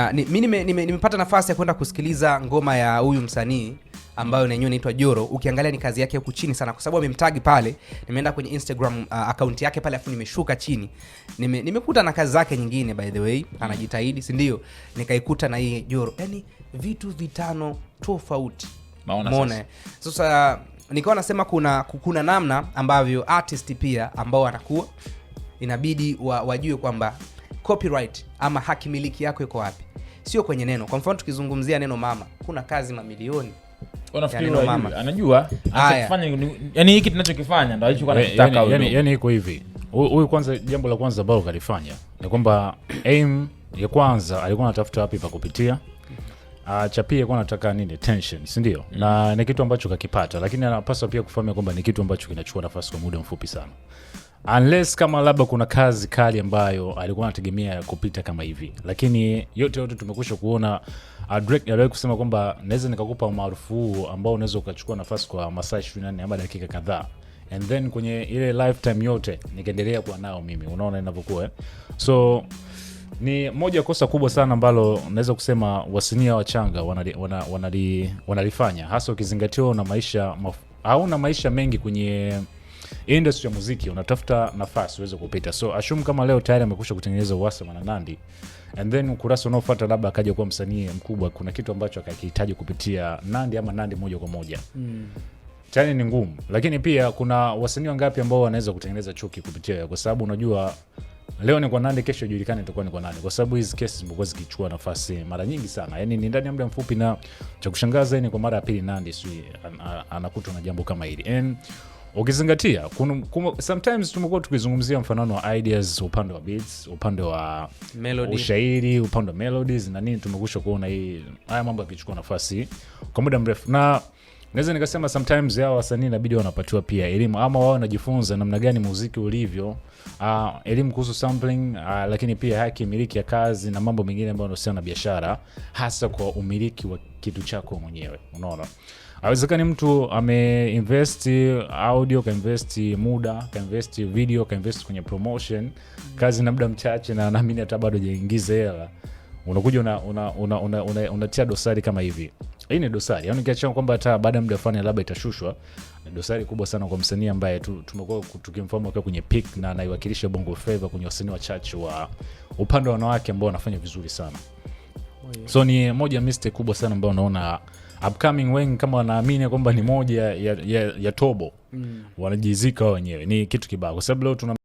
Ah, ni, mi nimepata nime, nime nafasi ya kwenda kusikiliza ngoma ya huyu msanii ambayo nenyewe inaitwa Joro. Ukiangalia ni kazi yake huku chini sana, kwa sababu amemtagi pale. Nimeenda kwenye Instagram uh, ah, akaunti yake pale, afu nimeshuka chini nime, nimekuta na kazi zake nyingine, by the way anajitahidi, si ndio? Nikaikuta na hii Joro, yani vitu vitano tofauti. Maona sasa, nikawa nasema kuna, kuna namna ambavyo artist pia ambao wanakuwa inabidi wa, wajue kwamba copyright ama haki miliki yako iko wapi sio kwenye neno. Kwa mfano tukizungumzia neno mama, kuna kazi mamilioni hiki tunachokifanya yaani, yaani, yaani, iko hivi, huyu kwanza, jambo la kwanza bao kalifanya ni kwamba aim ya kwanza alikuwa anatafuta wapi pakupitia chapia Uh, cha nini? Tension, sindio mm. na ni kitu ambacho kakipata, lakini anapaswa pia kufamia kwamba ni kitu ambacho kinachukua nafasi kwa muda mfupi sana unless kama labda kuna kazi kali ambayo alikuwa anategemea kupita kama hivi, lakini yote yote tumekusha kuona. Uh, kusema kwamba naweza nikakupa umaarufu huu ambao unaweza ukachukua nafasi kwa masaa 24 ama dakika kadhaa and then kwenye ile lifetime yote nikaendelea kuwa nao mimi, unaona inavyokuwa eh? So ni moja kosa kubwa sana ambalo naweza kusema wasinia wachanga wanalifanya wana, wana, wana hasa ukizingatiwa una maisha hauna maisha mengi kwenye industry ya muziki unatafuta nafasi uweze kupita. So assume kama leo tayari amekusha kutengeneza uhasama na Nandy and then ukurasa unaofuata labda akaja kuwa msanii mkubwa, kuna kitu ambacho akakihitaji kupitia Nandy ama Nandy moja kwa moja mm. Tayari ni ngumu, lakini pia kuna wasanii wangapi ambao wanaweza kutengeneza chuki kupitia, kwa sababu unajua leo ni kwa Nandy, kesho ijulikane itakuwa ni kwa nani, kwa sababu hizi kesi zimekuwa zikichukua nafasi mara nyingi sana, yani ni ndani ya muda mfupi, na cha kushangaza ni kwa mara ya pili Nandy sijui anakutwa na jambo kama hili and ukizingatia sometimes tumekuwa tukizungumzia mfanano wa ideas upande wa beats, upande wa Melody. ushairi upande wa melodies na nini, tumekusha kuona hii haya mambo yakichukua nafasi kwa muda mrefu na naweza nikasema sometimes hao wasanii inabidi wanapatiwa pia elimu ama wao wanajifunza namna gani muziki ulivyo, uh, elimu kuhusu sampling, uh, lakini pia haki miliki ya kazi na mambo mengine ambayo yanahusiana na biashara, hasa kwa umiliki wa kitu chako mwenyewe. Unaona, awezekani mtu ameinvest audio, kainvest muda, kainvest video, kainvest kwenye promotion, kazi na muda mchache, na naamini hata bado hajaingiza hela, unakuja unatia una, una, una, una, una dosari kama hivi. Hii ni dosari yani ukiachana kwamba hata baada ya muda fulani labda itashushwa, ni dosari kubwa sana kwa msanii ambaye tumekuwa tukimfahamu akiwa kwenye peak na anaiwakilisha Bongo Flava kwenye wasanii wachache wa upande wa wanawake ambao wanafanya vizuri sana. Oh, so ni moja mistake kubwa sana ambayo unaona upcoming wengi kama wanaamini kwamba ni moja ya, ya, ya tobo mm. Wanajizika wenyewe, ni kitu kibaya kwa sababu leo tuna